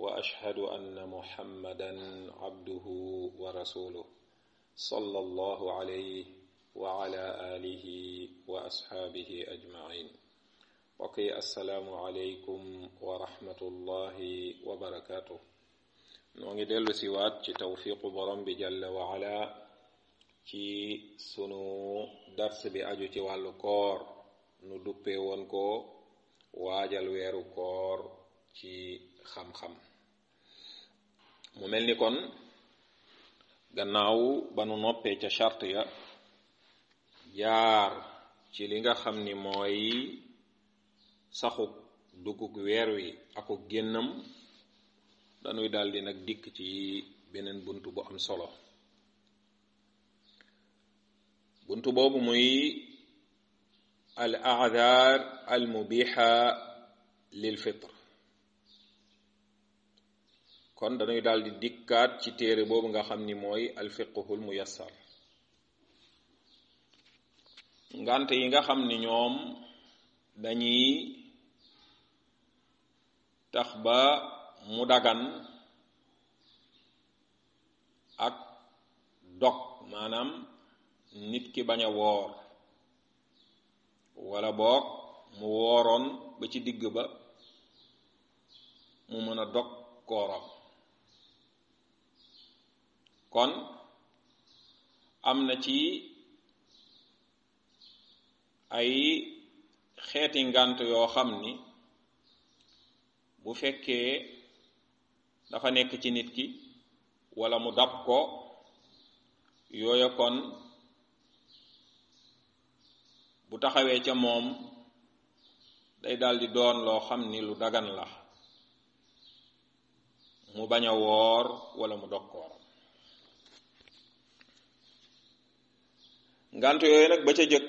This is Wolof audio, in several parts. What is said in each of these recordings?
وأشهد أن محمدا عبده ورسوله صلى الله عليه وعلى آله وأصحابه أجمعين وقي السلام عليكم ورحمة الله وبركاته نوغي ديل سيوات جي توفيق برم بجل وعلا جي سنو درس بأجو جي كور ندوبي وانكو واجل ويرو كور جي خم خم mu mel ni kon gannaaw ba nu noppee ca charte ya jaar ci li nga xam ni mooy saxuk duguk weer wi ako génnam dañuy daldi nag dikk ci beneen bunt bu am solo bunt boobu muy al aadaar al mubiha lil fitr kon dañuy dal di dikkat ci téré bobu nga xam ni mooy alfiqhul muyassar ngante yi nga xamni ni ñoom dañuy tax ak dok manam nit ki baña wor wala bok mu woron ba ci digg ba mu mën dog kon amna ci ay xeeti ngant yoo xam ni bu fekkee dafa nekk ci nit ki wala mu dab ko yooya kon bu taxawee ca moom day di doon loo xam ni lu dagan la mu bañ a woor wala mu ngant yooyu nag ba jëkk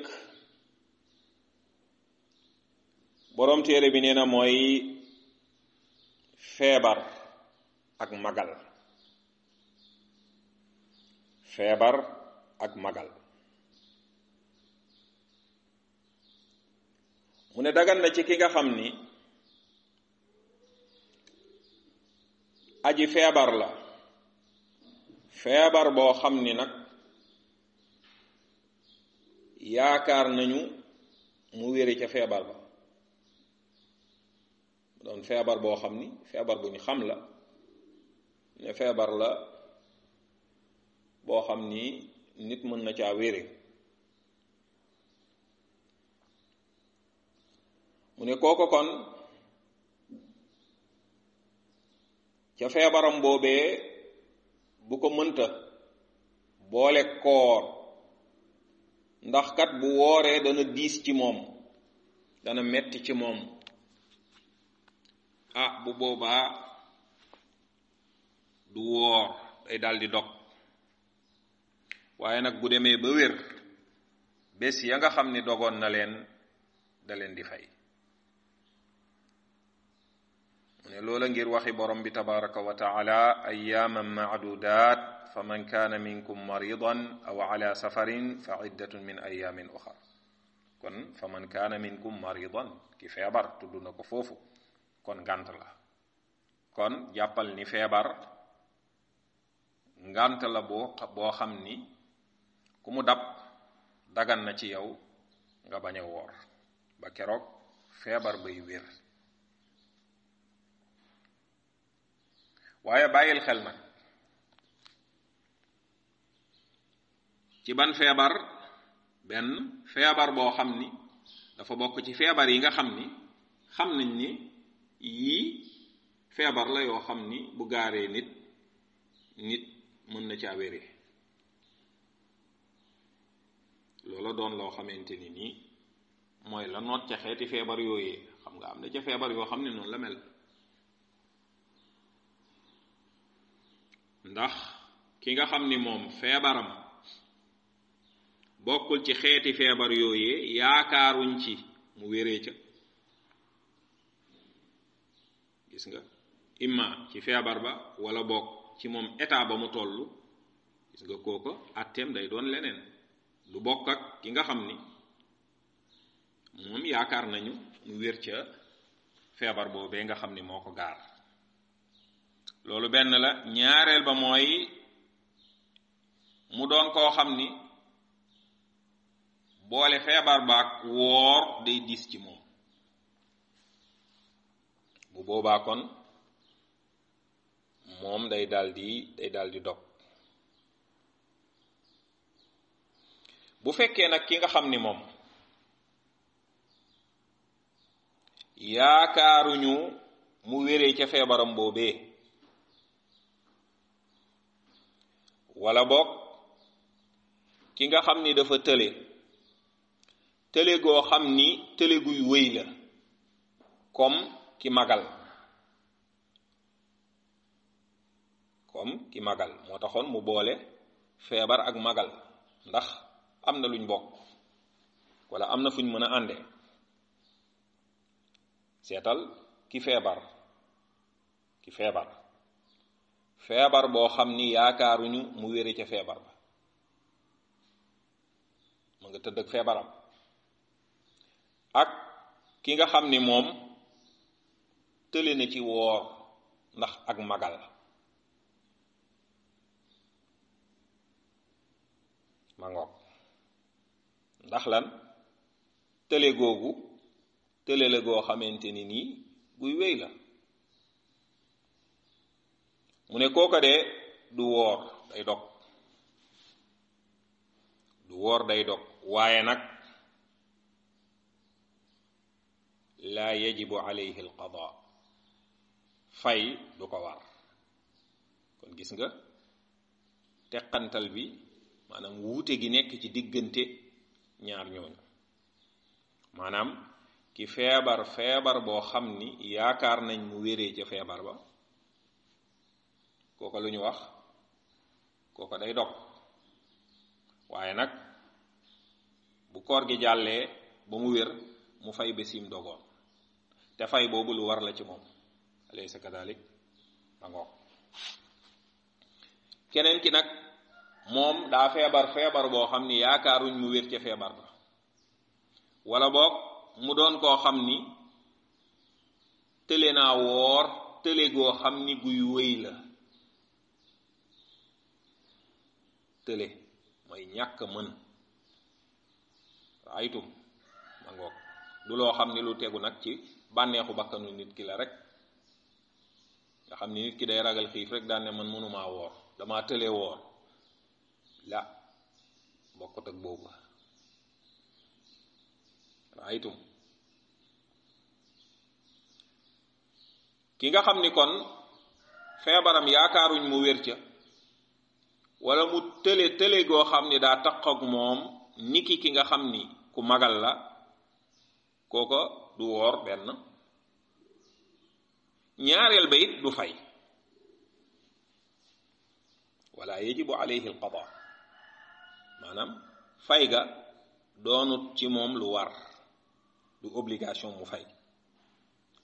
boroom téere bi nee na mooy feebar ak magal feebar ak magal mu ne dagan na ci ki nga xam ni aji feebar la feebar boo xam ni nag yaakaar nañu mu wére ca feebar ba doon feebar boo xam ni feebar bu ñu xam la ne feebar la boo xam ni nit mën na caa wére mu ne kooko kon ca feebaram boobee bu ko mënta boole koor ndax kat bu wooree dana diis ci moom dana metti ci moom ah bu boobaa du woor day daldi dog waaye nag bu demee ba wér bés ya nga xam ni dogoon na leen da leen di fay mu ne loola ngir waxi borom bi tabaraka wa taala ayyaaman maadudaat فمن كان منكم مريضا او على سفر فعده من ايام اخر كن فمن كان منكم مريضا كيف يبر تدون كفوفو كن غانتلا كن يابل ني فيبر غانتلا بو بو خامني كومو داب دغان نتي ياو غا باني وور با كيروك فيبر باي وير waaye bàyyil xel ci ban feebar benn feebar boo xam ni dafa bokk ci feebar yi nga xam ni xam nañ ni yii feebar la yoo xam ni bu gaaree nit nit mën na caa wéree loola doon loo xamante ni nii mooy la noot ca xeeti feebar yooyee xam nga am na ca feebar yoo xam ne noonu la mel ndax ki nga xam ni moom feebaram bokkul ci xeeti feebar yooyee yaakaaruñ ci mu wéree ca gis nga imma ci feebar ba wala bokk ci moom état ba mu toll gis nga kooko attem day doon leneen lu bokk ak ki nga xam ni moom yaakaar nañu mu wér ca feebar boobee nga xam ni moo ko gaar loolu benn la ñaareel ba mooy mu doon koo xam ni boole feebar ak woor day diis ci moom bu boobaa kon moom day daldi day daldi dog bu fekkee nag ki nga xam ni moom yaakaaruñu mu wéree ca feebaram boobee wala boog ki nga xam ni dafa tële tële goo xam ni tële guy wéy la comme ki magal comme ki magal moo taxoon mu boole feebar ak magal ndax am na luñ bokk walla am na fuñ mën a ànde seetal ki feebar ki feebar feebar boo xam ni yaakaaruñu mu wére ca feebar ba mu nga tëdd ak feebaram ak ki nga xam ni moom tële na ci woor ndax ak magal ma ngoog ndax lan tële googu tële la goo xamante ni nii guy wéy la mu ne kooka de du woor day dog du woor day dog waaye nag la yajibu alayhi alqada fay du ko war kon gis nga teqantal bi manam wute gi nek ci digeunte ñaar ñooñu manam ki febar febar bo xamni yaakar nañ mu wéré ci febar ba koko luñu wax koko day dog waye nak bu koor gi jalle ba mu wér mu fay besim dogon te fay boobu lu war la ci moom alaysa kadalik ma ngoog keneen ki nag moom daa feebar feebar boo xam ni yaakaaruñ mu wér ca feebar ba wala boog mu doon koo xam ni tële naa woor tële goo xam ni guy wéy la tële mooy ñàkk mën aytum ma ngoog du loo xam ni lu tegu nag ci bànneexu bàkkanu nit ki la rek nga xam ni nit ki day ragal xiif rek daan ne man mënumaa woor damaa tëlee woor la bokkut ak boobu raaytum ki nga xam ni kon feebaram yaakaaruñ mu wér ca wala mu tële tële goo xam ni daa taq ak moom niki ki nga xam ni ku magal la kooko du wor ben ñaarel bayit du fay wala yajibu alayhi alqada manam fay ga donu ci mom lu war du obligation mu fay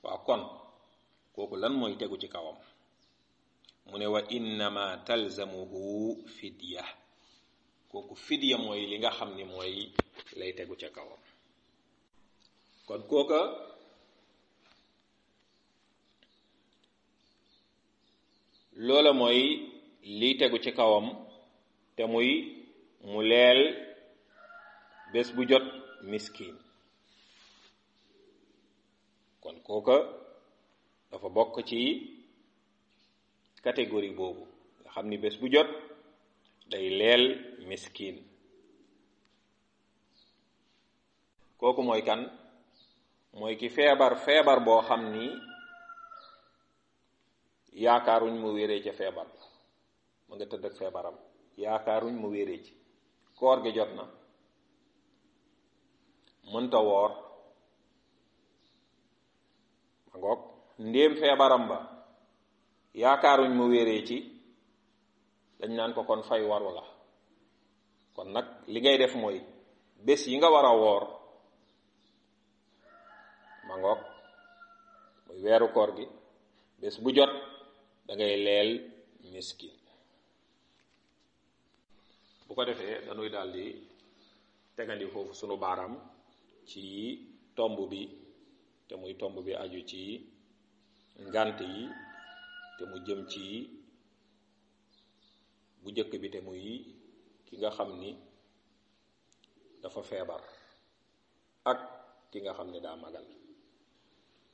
wa kon koku lan moy teggu ci kawam mune ne wa innama talzamuhu fidyah koku fidya moy li nga xamni moy lay teggu ci kawam kon kooka loola mooy liy tegu ci kawam te muy mu leel bés bu jot miskin kon kooka dafa bokk ci catégorie boobu nga xam ni bés bu jot day leel miskin kooku mooy kan mooy ki feebar feebar boo xam ni yaakaaruñ mu wéree ca feebar ba mu nga tëdd feebaram yaakaaruñ mu wéree ci koor gi jot na mënta woor ma ngoog ndéem feebaram ba yaakaaruñ mu wéree ci dañ naan ko kon fay waru la kon nag li ngay def mooy bés yi nga war a woor ngoog muy wéru koor gi bés bu jot da ngay leel miskin bu ko defee dañuy daal di tegandi foofu sunu baaraam ci tomb bi te muy tomb bi aju ci ngant yi te mu jëm ci bu jëkk bi te muy ki nga xam ni dafa feebar ak ki nga xam ne daa magal